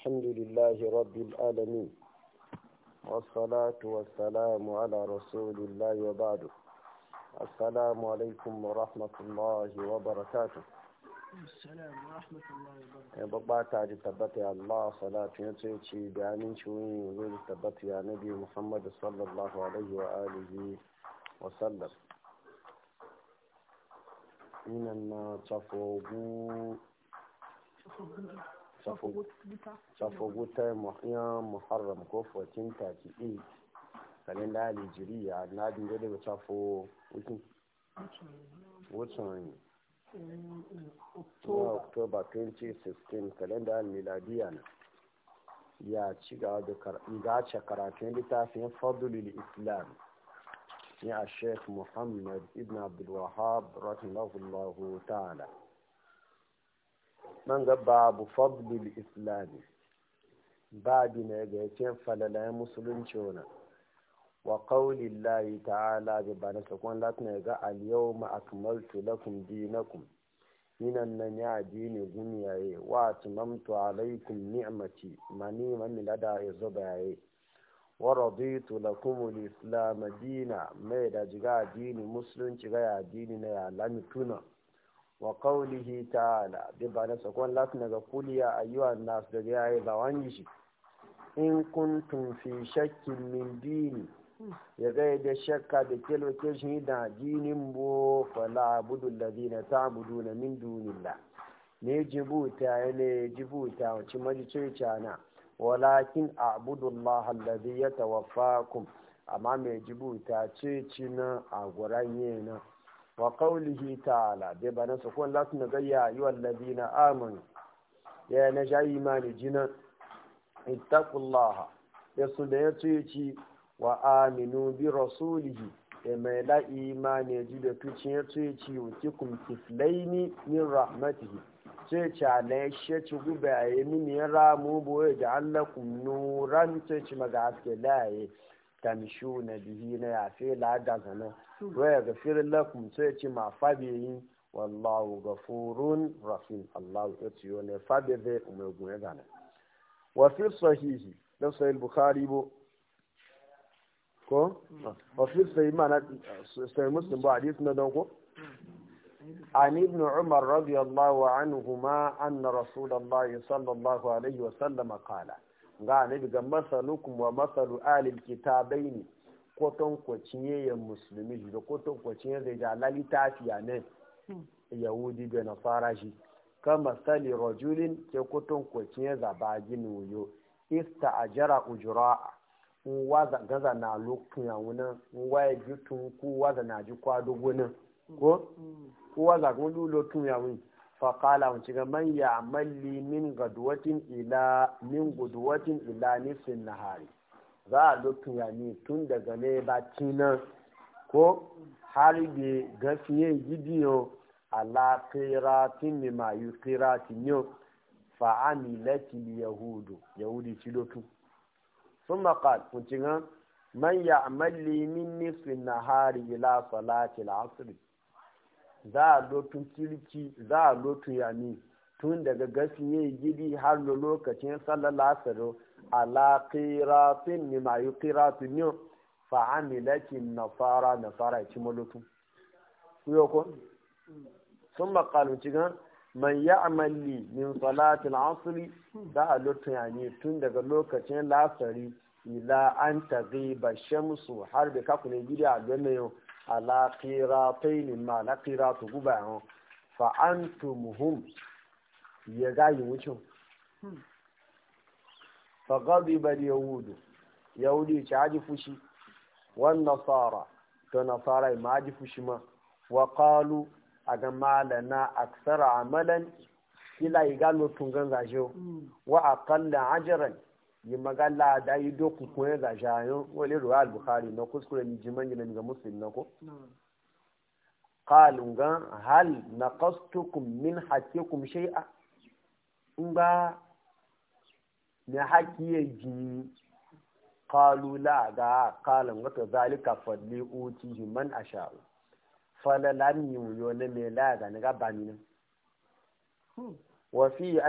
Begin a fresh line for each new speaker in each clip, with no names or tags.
الحمد لله رب العالمين والصلاة والسلام على رسول الله وبعد السلام عليكم ورحمة الله وبركاته السلام ورحمة الله وبركاته صلاة يا نبي محمد صلى الله عليه وآله وسلم safoguta yan muharram ko 1438 da alijiriya na dinga daga safo wikin watan oktoba 2016 da miladiya na ya ci gaba da gace karatun littafin fadulil islam ya sheikh muhammad ibn abdulwahab rahimahullahu ta'ala Nan ga babu fadlil islami babi na ga yake falalayen musulunci wani wa ƙaunin layi ta'ala da ba na sakon latin ga aliyau ma'akamaltu lakum dinakum minan nan ya addini guniyaye wa tumamtu alaikum ni'mati mani mani lada ya zuba yaye wa raditu lakum al-islam dina mai da jiga addini musulunci ga dini na ya lamituna tuna wa qawlihi ta'ala bi na sakon latin daga kuliya ayyuhan nas daga yayi wani shi in kuntum fi shakkin min dini ya gaida da shakka da ke lokacin da dinin bo fala abudu ladina ta'budu na min dunillah ne jibuta ya ne jibuta wacce majicirca na walakin abudu Allah alladhi yatawaffakum amma mai jibuta ce ci na a guranye na wa qawlihi ta'ala be bana su kun lati na gayya ayyuhal ladina amanu ya na ja imani jina ittaqullaha ya su da ya tuci wa aminu bi rasulihi ya mai la imani ji da tuci ya tuci yutikum kiflaini min rahmatihi ce ci ala shi ci gube a yi min ya ramu bo ya ji nuran ce ci maga haske laye tamishu na bihi na yafe lada zana hmm. waya ga firin lakum sai ci ma fabe yi wallahu gafurun rahim allahu ya ciyo ne fabe zai umar gune zana wa fi sahihi na sahih bukhari bo ko hmm. wa fi sahih mana sahih muslim ba hadis na don ko عن ابن عمر رضي الله عنهما أن رسول الله صلى الله عليه وسلم قال ga annabi ga masalukum wa masalu alil kitabaini koton kwaciye ya musulmi da koton kwaciye zai ja lalitafiya ne hmm. yahudi da nasara shi kama sali rajulin ke koton kwaciye zaba gini wuyo ista ajara ujura'a nwa gaza na lokacin yawuna nwa ya ji tun kowa da na ji kwado gunan ko kowa hmm. zagon lulo tun yawun faƙala wace ga man ya malli min gaduwatin ila min guduwatin ila za a lokacin ya ne tun daga ne ba tina ko har bi gafiye gidiyo ala qiratin mimma yuqiratin yo fa amilati yahudu yahudi ci lokacin sun maƙal wace ga man malli min nufin nahari ila salatil asri za a lotun kirki za a lotun yami tun daga yi gidi har da lokacin sallar lasaro ala fin min ma fin yau fa amilati nasara nasara ci mulutu yo ko sun makalun cigan man ya amalli min salatin asiri za a lotun yami tun daga lokacin lasari ila an bashe shamsu har da kakune gidi a yau ala qiratayn ma na qiratu guba ho fa antum hum ya ga yi wucin fa ya al-yahud yahudi ta ji fushi wan nasara ta nasara ma ji fushi ma wa qalu aga malana aksara amalan ila galo tungan gajo wa aqalla ajiyar yi magala da yi doku kuma ga shayin wani ruwa al-bukhari na kuskure ni jiman gina ga muslim na ko qalun gan hal kastukun min shai a in ba na haki ya jini kalula ga qalan wata zalika falle oti man a falalan yuyo ne me la ga ni ga bani nan wa fi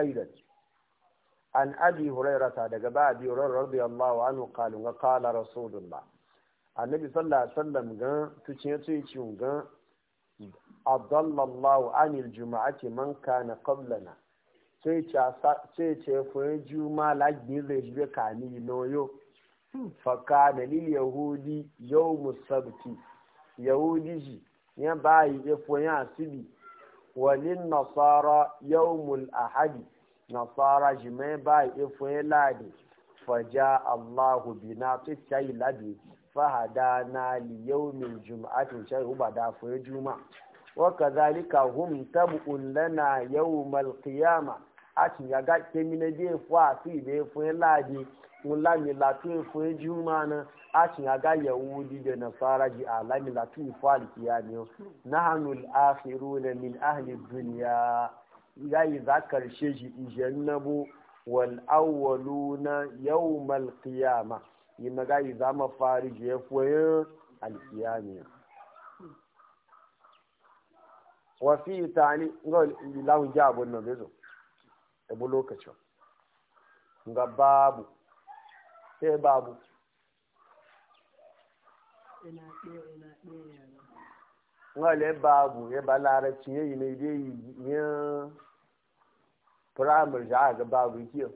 an abi hurairata daga ba abi hurairata radiyallahu anhu qalu ga qala rasulullah annabi sallallahu alaihi wasallam ga tuce tuce cin ga abdallallahu anil jumu'ati man kana qablana sai ce ce fuyin juma lagin zai shi ka ni noyo faka da lil yahudi yawmus sabti yahudi ji ya bayi ya fuyin asibi walin nasara yawmul ahadi nasara ji mai ba ifo ya ladi faja allahu bi na tuta yi ladi fahada na liyaumin jum'atin shari uba da fuye juma wa kazalika hum tab'un lana yawmal qiyama a ti ya ga kemine de fo ati be fo ladi un la mi la tu fo juma na a ya ga yahudi de nasara ji alami mi la tu fo al qiyami nahanul akhiruna min ahli dunya yi za karshe shi ijannabu wal awwaluna yawmal qiyama yima yi za ma farije ya fuye al qiyami ta ni tani ngol ji jabun na bezo e bu lokacin ga babu sai babu ina ɗaya ina ɗaya wale babu ya ba larabci ya yi mai dai yin firamar ja a ga babu kiyo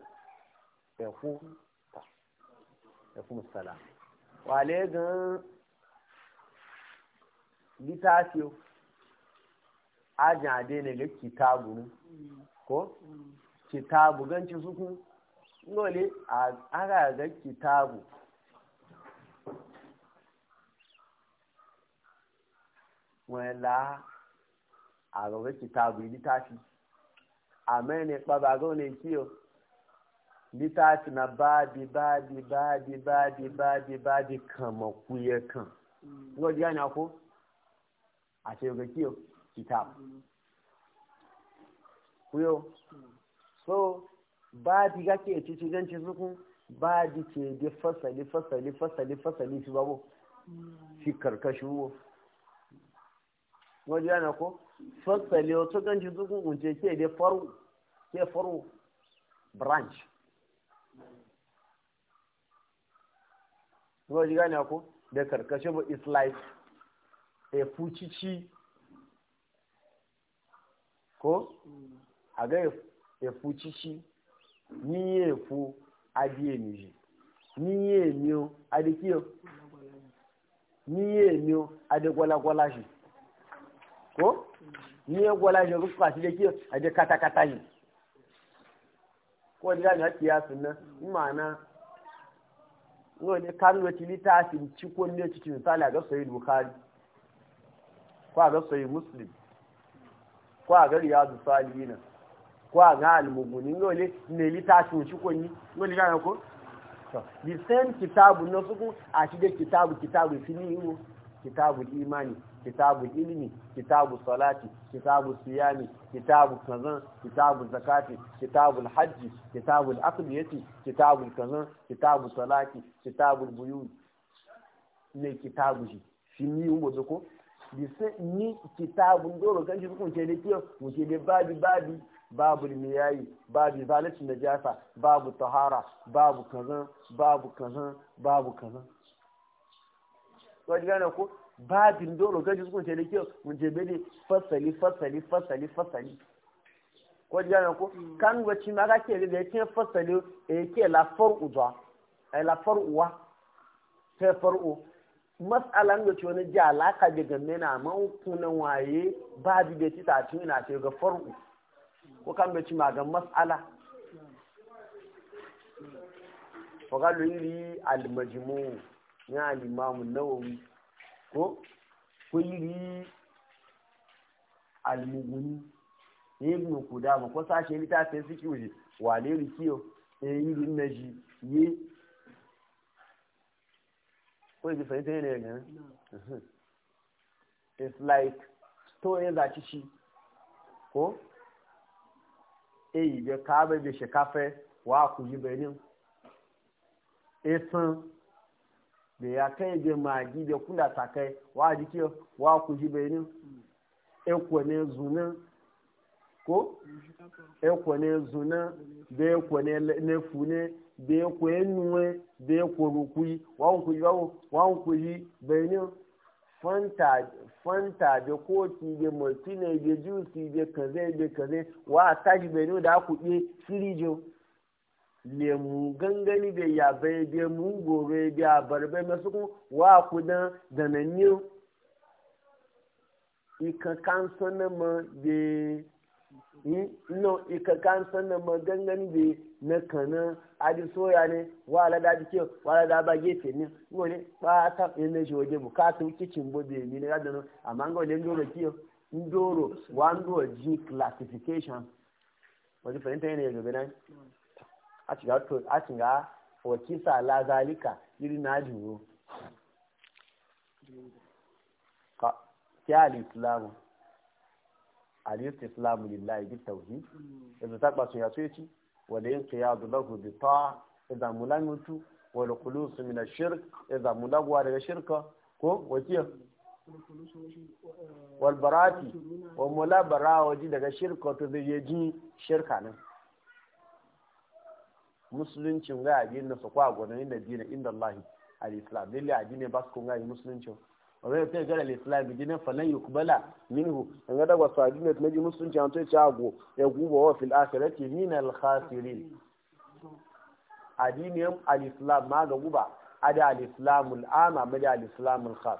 ya fu ya fu musala wale gan litafiyo ajin ade ne ga kitabu ne ko mm. kitabu ci suku wale a ga kitabu wọn la àròwé kìtàbù lítàfi àmẹ́rin pàbàgọ́ ní kí o lítàfi na báàdì báàdì báàdì báàdì báàdì báàdì kàn kan mọ̀kúyẹ kan lọ́dí àná kó àti òkè kí o kìtàbù mm. kúyọ mm. so báàdì gákì ètí ti gẹ́ǹtì sókún báàdì tèèdè fọ́sàlì fọ́sàlì fọ́sàlì fọ́sàlì fi wáwó fi kàrkàṣì wó. wajen yana ko fassale wato ganci zukun kunce ke da faru ke faru branch wajen yana ko da karkashin bu is like a fucici ko a ga ya fucici ni ya fu adiye miji ni ya miyo adikiyo ni ya miyo adigwalagwala shi ko ni ya gwala shi rufa shi da ke a je kata-kata ne ko da ni haƙi ya sunna ma'ana yau ne kan wata littafin cikon ne cikin misali a ga sayi bukari ko a ga sayi muslim ko a ga riyadu salina ko a ga almuguni yau ne ne littafin cikon ne yau ne gane ko the same kitabu na suku a shi da kitabu kitabu fili yi kitabul imani kitabul ilmi kitabul salati kitabul siyami kitabul kazan kitabul zakati kitabul hajji kitabul aqliyati kitabul kazan kitabul salati kitabul buyut ne kitabu shi shi ni umbo zoko bise ni kitabu ndoro kanji kun ce ne kiyo mu ce ne babi babi babu miyayi babu zalunci najasa babu tahara babu kazan babu kazan babu kazan wajen gane ko babin dole gaji su kunce da kyau mun je bene fasali fasali fasali fasali ko ji gane ko hmm. kan wacce ma ka ke da yake fasali e ke la far'u zuwa ai eh, la far'uwa ta far'u mas'alan da ce wani ji alaka da game na man kunan waye babi da ci ta ci na ce ga far'u ko kan wacce ma ga mas'ala ko hmm. ga lulli al-majmu' ya limamu nawawi ko kuyiri almuguni ibn kudama ko sashe littafin suke wuce wane rikiyo yi eh, yiri na ji ye ko yi fahimta yana yana it's like to ya zaci shi ko eyi eh, ga kaba da shekafe wa ku ji benin da ya kai da magi da kula ta kai wa jiki wa ku ji benin ekwo ne ko ekwo ne zunan da ekwo ne nefu ne da ekwo enuwe da ekwo rukui wa ku ji wa ku ji benin fanta fanta da koti da martina da juice da kaze da kaze wa ta ji benin da ku je firijin lemu gangani bai ya bai bai mu gobe bai a barbe masu kun wa kudan da nan yi ika kansa na ma bai no ika kansa na ma gangani bai na kana adi soya ne wa alada jike wa alada ba gefe ne ngo ne ba ta ne shi waje bo kicin bobe ne ga dano amma ngo ne ndoro kiyo ndoro wa ndoro ji classification wani fahimta yana ya gobe na a shiga to a shiga wakisa la zalika iri na juro ka ya al-islam al-islam lillahi bi tawhid idan mm. ta kwaso ya tsoyi wala yin qiyadu lahu bi ta'a idan mulamutu wal khulus min ash-shirk idan mulagwa daga shirka ko wakiya wal eh, barati wa mulabara ji daga shirka to zai ji shirka nan musuluncin ga abin na sakwa gwanin da dina inda Allah al-islam lalle addini ba su kun ga musuluncin wani ta gara al-islam dinin falan yukbala minhu an ga daga sadina na ji musulunci an ta ci ago ya guba wa fil akhirati min al-khasirin addinin al-islam ma ga guba ada al-islam al-ama ma da al-islam al-khas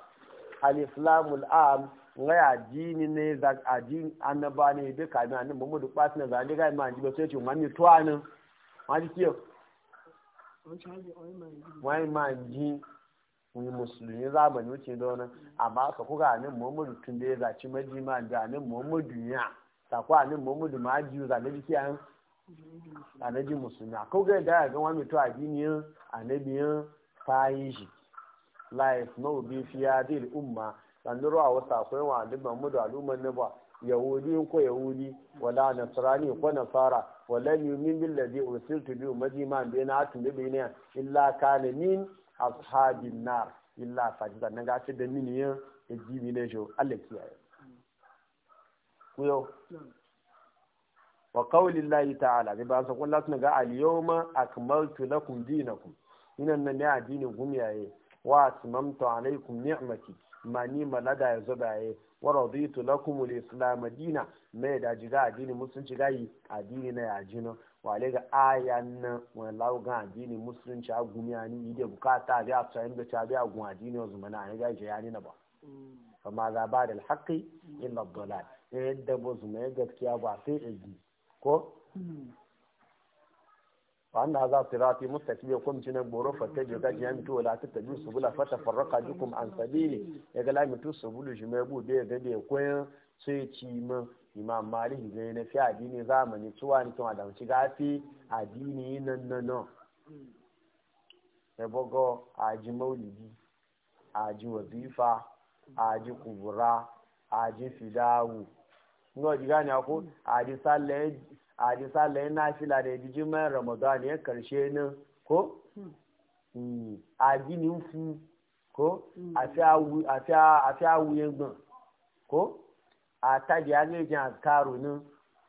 al-islam al-am ngai addini ne da addini annaba ne duka duk annabi Muhammadu kwasin da zalika ma ji ba sai ce mun mi tuwanin wọ́n á di kíọ̀ wọ́n yìí máa jí wọ́n mùsùlùmí zamani wuce dona amma ka kuka anin muhammadu tun da ya zaci maji ma ga muhammadu ya sako anin muhammadu ma ji za na jiki an anaji musulmi ko ga da ga wani to addinin annabiyin fayin shi la yasmau bi fiya dil umma dan ruwa yahudi ko yahudi wala nasrani ko nasara wala yumin bil ladhi ursiltu bi majiman bi na tun bi ne illa kana min ashabin nar illa fajda nan ga da min yin jibi ne jo Allah kiyaye ku yo wa qawli llahi ta'ala bi ba sakon lati ga al yawma akmaltu lakum dinakum inan nan ne addinin gumiyaye wa atmamtu alaykum ni'mati mani malada ya wa raditu lakum islam dina me da jiga addini musulunci gayi addini na yajina wa le ga ayan na wa lawo ga addini musulunci agumiya ni ide bukata ga tsayin da ta biya gun addini yanzu zumana ne ga jayani na ba amma za ba da alhaqi illa dalal yadda zuma mai gaskiya ba sai ko hmm. وأن هذا صراطي مستقيم جنا بورو فتجو كاجي يمتو ولا تتبعوا سبل فتفرق بكم عن سبيله يقال يمتو سبل جمبو بي غدي كوين sai ci min imam malik zai na fi addini zamani tuwa ni tun adamci gafi addini nan nan nan ya bugo aji maulidi aji wazifa aji kubura aji fidawu ngo ni aji a ji salayin nafila da ji jimayen ramadan ya karshe ni ko hmm. Hmm. a ginin hmm. fu ko a fi awuyen gan ko a tagi ni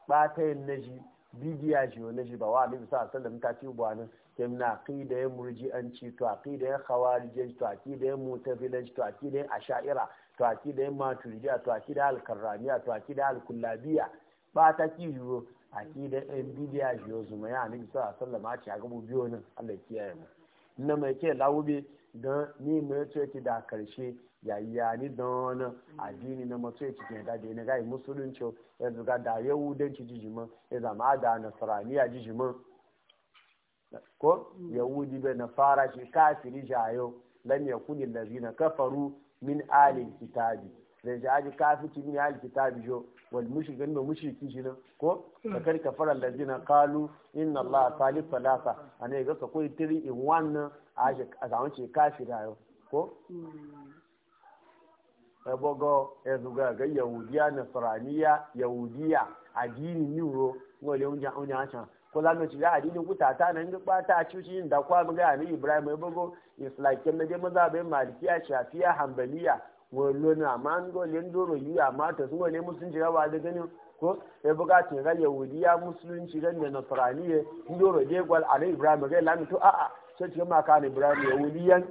ba ta yin na shi bidiya shi wani shi ba wa alibi sa sallam ta ci buwa nan kem na aqida ya ci to da ya jen to aqida ya village to aqida ya asha'ira to aqida ya maturidiya to aqida ya alkarramiya to aqida ya alkullabiya ba ta ki yiwu akidar yan eh, bidiya shi su zuma ya nabi a sallama ce a gabu biyo nan Allah kiyaye mu na mai ke lawube don ni mai ce ki da karshe yayya ni don addini na mace ki ke da na gai musulunci ya zuga da yahudanci jijima ya zama da nasaraniya jijima ko yahudi bai na fara shi kafiri jayo lam yakuni allazina kafaru min alil kitabi zai ji aji kafici min alil kitabi jo wal mushrik ganna mushriki shi nan ko hmm. ka kar ka fara lazina qalu inna allaha salif salasa anai ga ka koyi tiri in wannan a zaman ce kafira yau ko hmm. ebogo ezuga ga yahudiya nasraniya yahudiya addini niwo wale unja unja acha ko la no ci ga addini kuta ta nan ga kwata a cuci da kwa ga ni ibrahim ebogo is like kin da maza bai malikiya shafiya hanbaliya wallo na ma an dole yin doro yi amma ta su wale musulunci rawa da ganin ko ya bukatun ga yahudiya musulunci ran da nasraniye in doro je gwal alai ibrahim ga lami to a'a sai ce ma kan ibrahim yahudiyan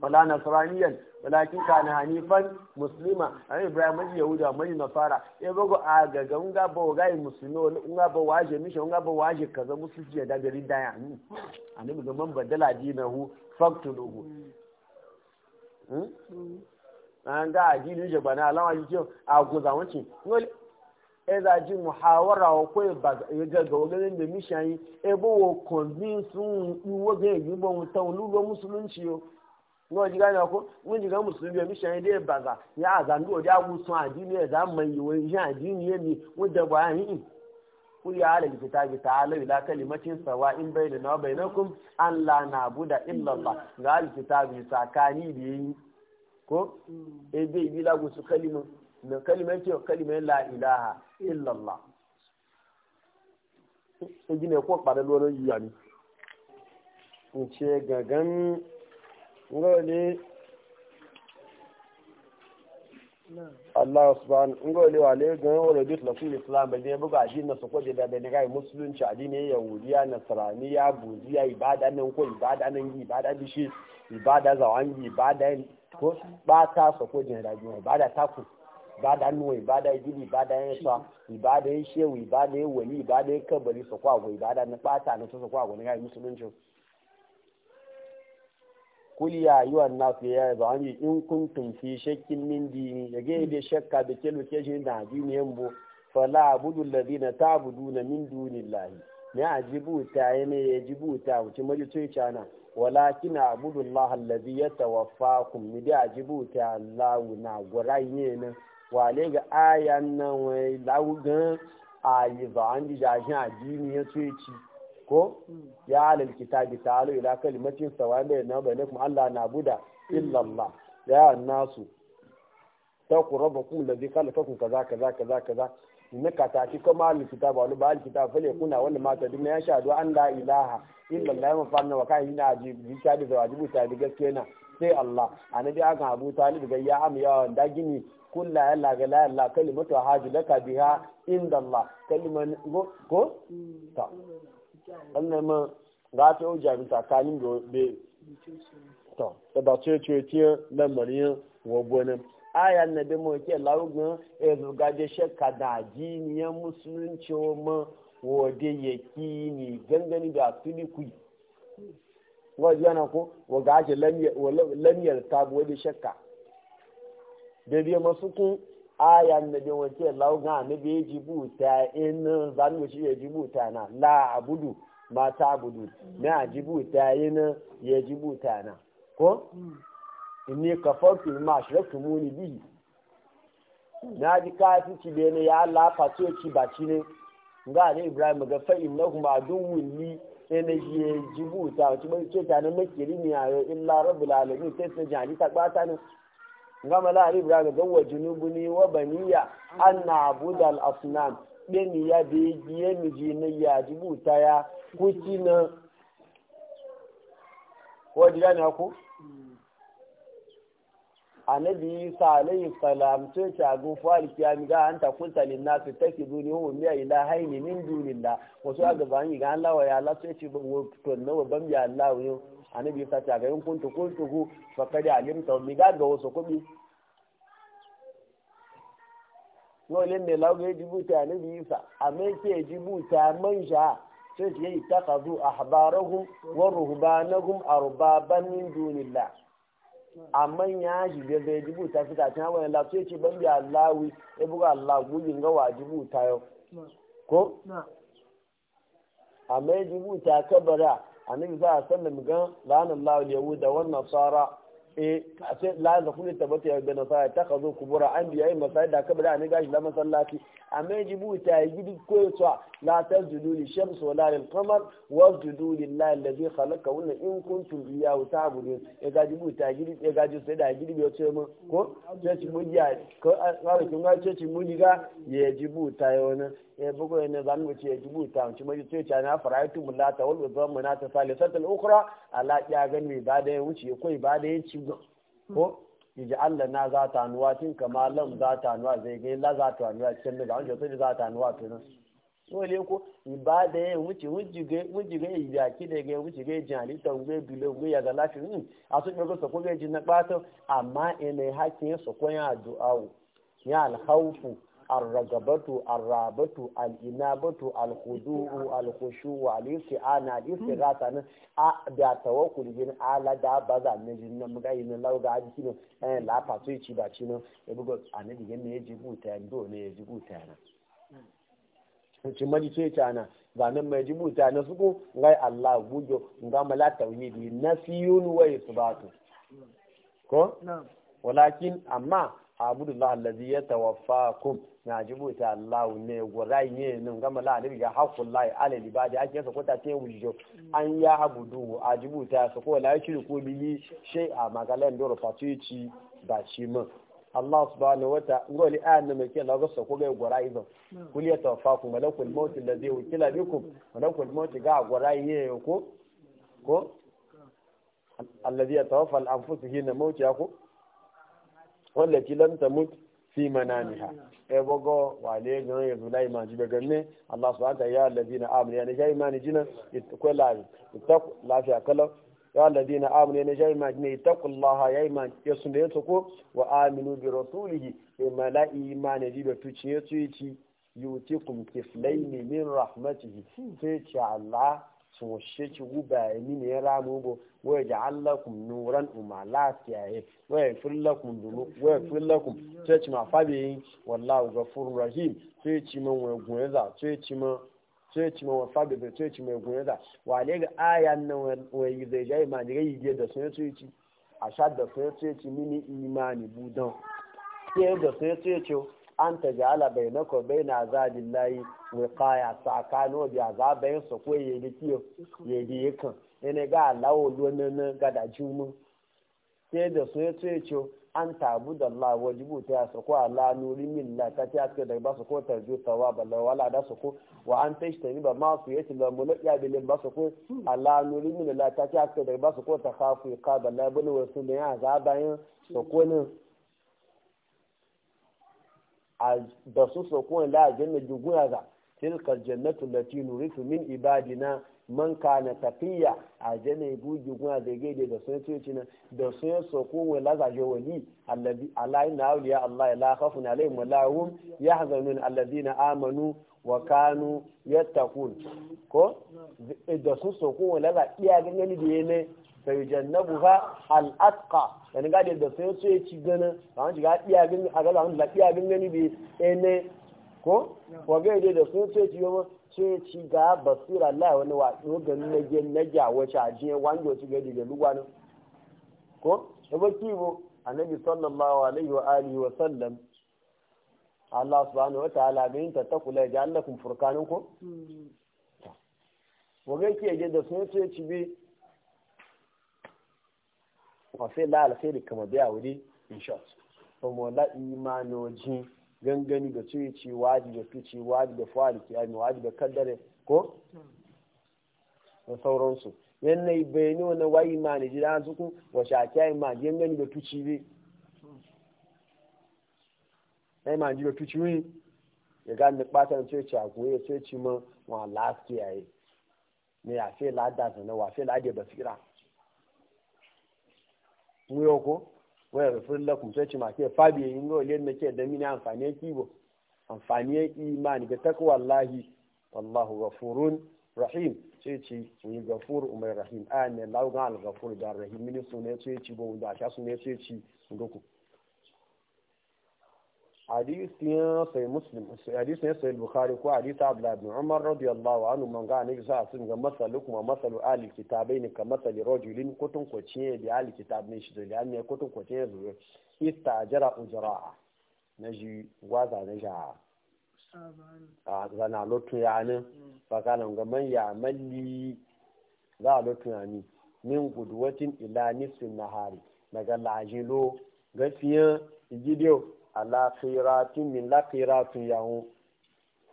wala nasraniyan walakin kana hanifan muslima an ibrahim mai yahuda mai nasara ya bugo a gaga nga ba ga musulmi nga ba waje mishi nga ba waje kaza musulunci da gari daya annabi ga man badala dinahu faktuluhu hmm? hmm. an ga addini je bana alama ji a guza wancin ngole za ji muhawara wa ba ga ga da mishayi ebe wo convince un iwo ga yi bo mu tan musulunci yo ngole ji baza ya za ndo da sun addini e za mai yi wai ya addini yi ala kitabi ta'ala ila kalimatin sawa'in bainana wa bainakum an la yi ko mm. ebe ibi lagosu su na kalimar ce kalimar la ilaha illallah sai gina ko kpare lolo yiya ni in ce gagan ngole Allah subhanahu ngole wa le gan wala dit la islam bai zai buga addini na sokode da da ne kai musulunci addini yahudiya nasarani ya ibada nan ko ibada nan ibada dishi ibada zawangi ibada ko ba ta so ko jin rayuwa ba da taku ba da nuwa ba da gidi ba da yin sa ba da yin shewu ba da yin wali ba da yin kabari so ko agwai ba da na bata na so ko agwai yi musulunci kul ya yi wa fiye ya ba wani in kun tunfi shakkin min dini ya ga da shakka da ke shi da dini ne bu fala abudu na ta abudu na min lahi ne ajibu ya ne ya jibuta wuce majitoyi cana walakin abudullah allazi kun mi da jibu ta Allah na gurai ne wale ga ayan nan wai lagugan ayi ba an ji jajin addini ya ce ci ko hmm. ya bi ta ta'alu ila kalimacin sawa da na kuma Allah na buda illa hmm. ya nasu ta ku rabakum allazi khalaqakum kaza kaza kaza kaza ka ta ci kuma ahlul kitab wal ba fa ne kuna wanda ma ta duniya ya shahadu an la ilaha illa allah ya mafanna wa kai ina ji ji ta da wajibu ta da gaske na sai allah annabi aka abu talib ga ya am ya da gini kulla ya la ga la la kalimatu haji laka biha inda allah kaliman ko mm. ta wannan ma ga ta uja ta kanin da be to da ce ce ce lamarin wa bonan aya na be mo ke laugun ezugaje shekka da jiniyan musulunci ma wode yaki ni gangani da suliku wajen yana ko waga ake lamiyar tabo wade shekka aya na be mo ke laugun na be jibu ta ina ta na la abudu ma ta abudu na jibu ta ta na ko mm. inni kafartu ma muni bihi na ji kafici da ne ya Allah fato ki baci ne ga ne Ibrahim ga fa innahum aduwwun li ene je jibuta ci bai ce ta ne makiri ne ayo illa rabbul alamin sai ta jani ta kwata ne ga mala Ibrahim ga wa junubuni wa baniya an asnam ya be giye mi ji ne ya ya kuci na ko jira ne ko annabi isa alayhi salam ce ce a gufu mi ga an takunta linnasu ta ki zuni hu miya ila haini min dunin dunilla wasu a gaba an yi ga an lawa ya lasu Allah sai ce tonna wa ban ya Allah wa annabi isa ce ga yin kuntu kuntu hu fakari alimta mi ga ga wasu kuɗi yau ne lauga ya jibuta annabi isa a mai ke jibuta man sha sai ce yi takazu a habarahun wa ruhubanahun a rubaban min dunilla amma ya ya zai buta su ta hawa yana lafiya ce ban biya lawi ya buga Allah yin ga wa buta yau ko amma ya buta kabara nan za eh, a sallam ga lawi ya wuda wannan tsara e a sai lanar kuli tabbata ya ga nasara ta ka zo kubura an biya yi masai da kabara a nan gashi da masallaci amma jibu ta yi gidi ko ta la tasjudu li shams wa la lil qamar wa wasjudu lillahi alladhi khalaqa wa in kuntum iyyahu ta'budun e ga jibu ta gidi e ga ji sai da gidi biyo ce mu ko ce ci mu ya ko ngare kin ga ce ci mu diga ye jibu ta na e bugo ne zan mu ce jibu ta mu ci mu ce ta na faraitu mulata wal uzamma na ta salisatul ukhra ala ya gani ba da ya wuce ko ba da ya ci ko ji Allah na za ta nuwa tun kama lam za ta nuwa zai gai la za ta nuwa cikin da an jota za ta nuwa to nan dole ko ibada ya wuce wuce ga wuce ga ya ki da ga wuce ga jali ta wuce bilo wuce ya ga lafiya, in hmm. a sun ko sako ko ga jin na bato amma ina hakin so ya du'a ya alhaufu الرغبة الرابة الإنابة الخضوع الخشوع الاستعانة الاستغاثة دا توكل جن على دا بذا نجن مغاين لو غا جينو ان لا فاتوي تشي باشينو يبغى انا دي جن يجيبو تاندو ne يجيبو تانا cin maji ce cana zanen mai jibuta na suku غاي الله بوجو nga mala tauhidi na siyun wai subatu ko walakin amma abudullah allazi yatawaffakum na jibuta allah ne gorai ne nun gama la alibi ga hakullahi ala libadi ake so kota te jo. an ya abudu ajibuta so ko la shi ko biyi shay a magalan doro fatuci ba shi mun Allah subhanahu wa ta'ala ngoli ayan da muke lagu sa ko ga gorai ba kul ya yatawaffakum malakul maut allazi wukila bikum malakul maut ga gorai ne ko ko allazi yatawaffa al anfus hina mautiyakum wallaci lam tamut fi ha e bogo wale gan ya zulai ma jibe ganne Allah subhanahu wa ya alladina amanu ya ne jai ma ni jina ko lafi lafiya kalau ya alladina amanu ya jai ma jina ittaqullaha ya ma ya sunne to ko wa aminu bi rasulihi e malai ma ne jibe tuci ya tuci kum kiflaini min rahmatihi sai ce Allah sun washe ki guba ya mini ya ramu bo waya ja'allakum nuran umar lafiya ya waya lakun dunu waya fillakum sai ci ma fabe yin wallahu furun rahim sai ci man waya goyeza sai ci man sai ci man fabe da sai ci man goyeza wa le ga ayan nan waya zai jai ma diga yi da sai sai ci a sha da sai sai ci mini imani budan sai da sai sai ci an ta ja'ala bainaka baina azabillahi wiqaya tsakano bi azabain su ko yedi kiyo yedi yakan ene ga lawo lonan ga da jumu sai da so yace ce an tabu da Allah wajibu ta su ko Allah nuri la ta ta ce da ba su ko tarju tawaba la wala da su wa an ba ta ta ba da su sokon la janna juguya za tilka jannatu lati nuritu min ibadina man kana taqiya a janna buji guya da gede da sun ce cina da sun sokon wala za je wali alladhi ala inna awliya allah la khafun alaihim wa la hum yahzanun alladhina amanu wa kanu yattaqun ko da sun sokon wala za iya ganin da yene sai jannabu ha al'atka yana gadi da sai su ya ci gana ba wani shiga a gaza wani lafiya gan gani bai ene ko waga ya da sun ce ci yoma ce ci ga basira la wani wa dogon nage nage a wace ajiye wanda su gadi da lugwa ko da ba bo annabi sallallahu alaihi wa alihi wa sallam Allah subhanahu wa ta'ala bin ta takula Allah kun furkanin ko waga ke da sun ce ci bi wasu ila alkhairi kama biya wuri in short kuma la imanojin gangani da su ci waji da su ci waji da fari kiyami waji da kaddare ko da sauransu yanayi bayani wani wa imani jira su kun wa shakiya ma gangani da tuci bi na imani da tuci wi ya ga ni patan ce ci agoye ya ce ci ma wa lafiya yi ne ya fe lada zana wa fe lada basira muyo ko waya rufin lakum sai ci make fabi yin ngo le ke da mini amfani bo amfani imani ga takwa wallahi wallahu ghafurun rahim sai ci ni ghafur umar rahim a ah, ne al ghafur da rahim mini sunan sai ci bo da sha sunan sai ci ngoku hadisiyan sai muslim hadisiyan sai bukhari ko hadisa abdullahi bin umar radiyallahu anhu man ga annabi sa sun ga masalu kuma masalu ahli ne ka masali rajulin kutun kwace bi ahli kitab ne shi da ne kutun kwace zuwa istajara na ji waza na ja a zana lotu yanin fakanan ga man ya malli za a lotu yani min guduwatin ila nisfin nahari daga lajilo gafiyan gidiyo ala qiratin min la qiratin yahu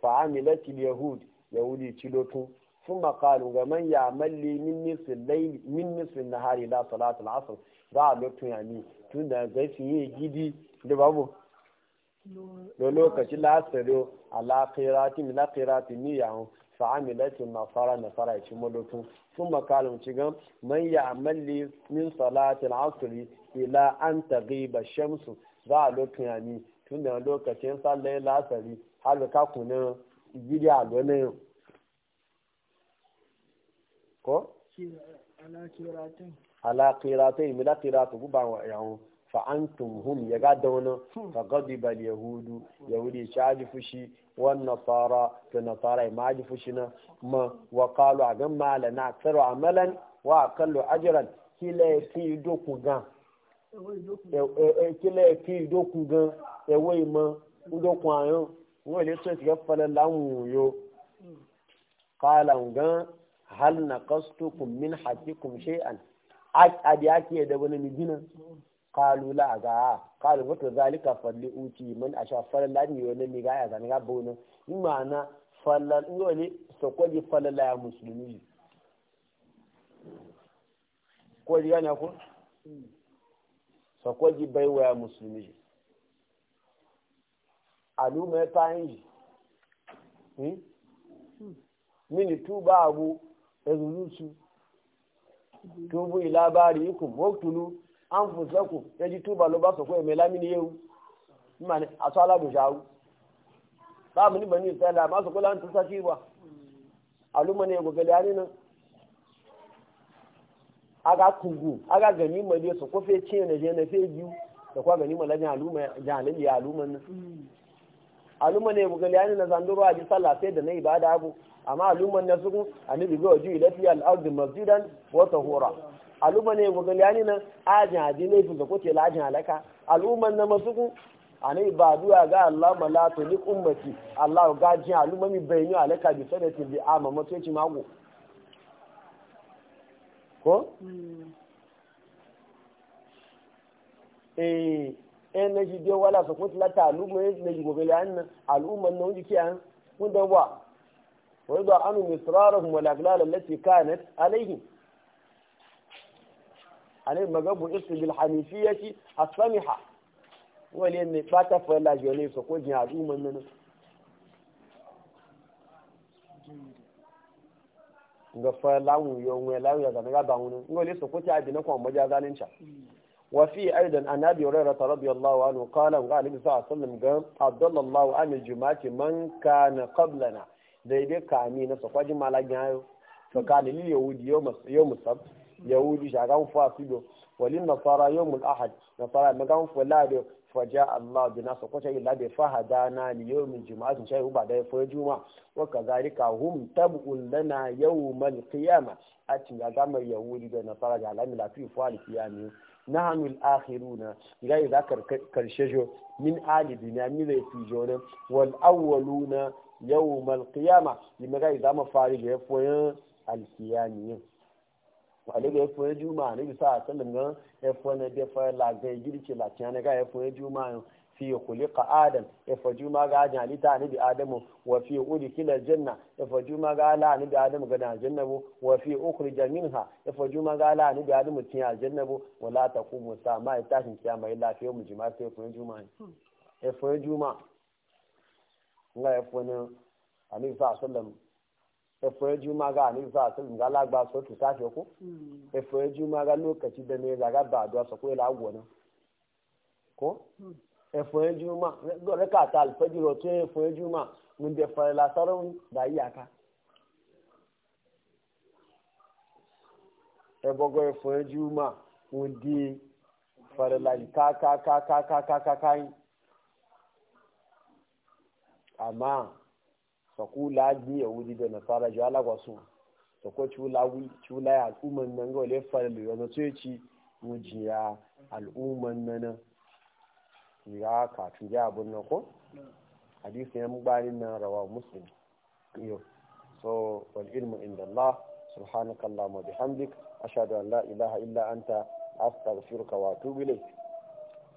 fa amilat al yahud yahudi cilotu thumma qalu ga man ya'mal li min nisfil layl min nisfil nahari la salat al asr da lotu yani tun da gashi yi gidi da babu da lokacin lasaro ala qiratin min la qiratin ni yahu fa amilat al nasara nasara ci mulutu thumma qalu ci ga man ya'mal min salatu al asr ila an taghiba shamsu za a lokacin ami tun da lokacin sallaye lasari har da kakunan gidi a gwanin yau ko? alaƙiratai milakiratu guba wa yawon fa'antum hum ya gada wani fagadi bal yahudu yahudi ta ji fushi wan nasara ta nasara ma ji fushi na ma wa kalu a gan malana na amalan wa kallo ajiran kila ya fi doku gan ekele eke idokwu gan enweghị m ndokwu anyụ nwere etu esi gafere lanwuyo kala gan hal na kastukum min hakikum shay'an adi ake da wani mijina kalula a ga kalu wato zalika falli uti man asha falala ni wani mi ga ya zani ga bono imana falal ngole so ko di falala ya muslimi ko di yana ko ji baiwa ya musulmi aluma ya fayin yi hmm? mini tuba abu ya zuzusu tubu ilabari ikun waktulu an fusaku ya ji tuba lo ba sakwa ya melamini yau mani a su alabu shawu ba mu ni bani isra'ila masu kula an tusa ba aluma ne ya gogali hannun aga kungu aga gani ma dai su kofe ce na je na feji da kwa gani ma lajin aluma jahalili ya aluma ne hmm. aluma ne bu gali ani na zanduru aji ji fe da na ibada abu amma ne na suku bi goju ila fi al-ardi masjidan wa tahura aluma ne bu gali ani na aji aji ne su da kote la alaka. halaka aluman masu masuku ani ibadu duwa ga Allah malatu li ummati Allah ga ji aluma mi bayinu alaka bi sadati bi amma ma mago ko? Hmm. eh ɗan eh, na ji biyo wala su kuma ta al'umma ya eh, na ji gobe la'an al'umma na wani ke an kun da ba wani da anu mai tsirararun walaglalar lati kanat alaihim alaihim magabu isu bil hanifiyyaci a samiha wani ne ba ta fara lajiyar ne su ko jin al'umma na nan nga fa lawu yo ngwe lawu ya zanaga ba wuni ngo le sokoti a dina kwa mbaja zalincha wa fi aidan an abi hurairah radiyallahu anhu qala nga nabi sallallahu alaihi wasallam ga adallallahu an jumati man kana qablana daidai kami na sokwaji malagin ayo to kana lil yahudi yawm yawm sab yahudi shagan fa sido walin nasara yawm al ahad nasara magan fa lado فجاء الله بناس وكشي لا بفهدانا ليوم الجمعة إن شاء الله بعد فجوما وكذلك هم تبؤ لنا يوم القيامة أتنى قام يهودي بنا فرج على ملا في فعل قيامي نحن الآخرون إلى ذكر كرشجو من آل بنيامين في جون والأولون يوم القيامة لما قام فارج يفوين القيامي wale ga efo juma ne bisa a sallin gan efo e na defa la ga girki la tiyana ga efo ya juma yau fi khuliqa adam efo juma ga jalita ne bi adamu wa fi udkhila janna efo juma ga la ne bi adamu ga janna bu wa fi ukhrija minha efo juma ga la ne bi adamu tiya janna bu wala taqumu sa ma e tashin kiyama illa e fi yawm juma'a sai efo juma efo hmm. juma ga efo na annabi sallallahu alaihi wasallam efoye juma ga ni sa su ga lagba so tu sa fe ko efoye ga lokaci da ne ga ba do so ko ila gona ko efoye juma do re ka ta al fajiro to efoye juma mun de fa la da iyaka e bogo efoye juma mun di fara la ka ka ka ka ka ka ka amma sako laji yahudi da nasara ji alagwa su sako cula ya al'umman nan ga wale farli wani tsoye ci ya al'umman nan ya kafin ya abin nan ko hadisi ya mugbani na rawa muslim yau so wal ilmu inda Allah subhanakallahumma bihamdik ashhadu an la ilaha illa anta astaghfiruka wa atubu ilayk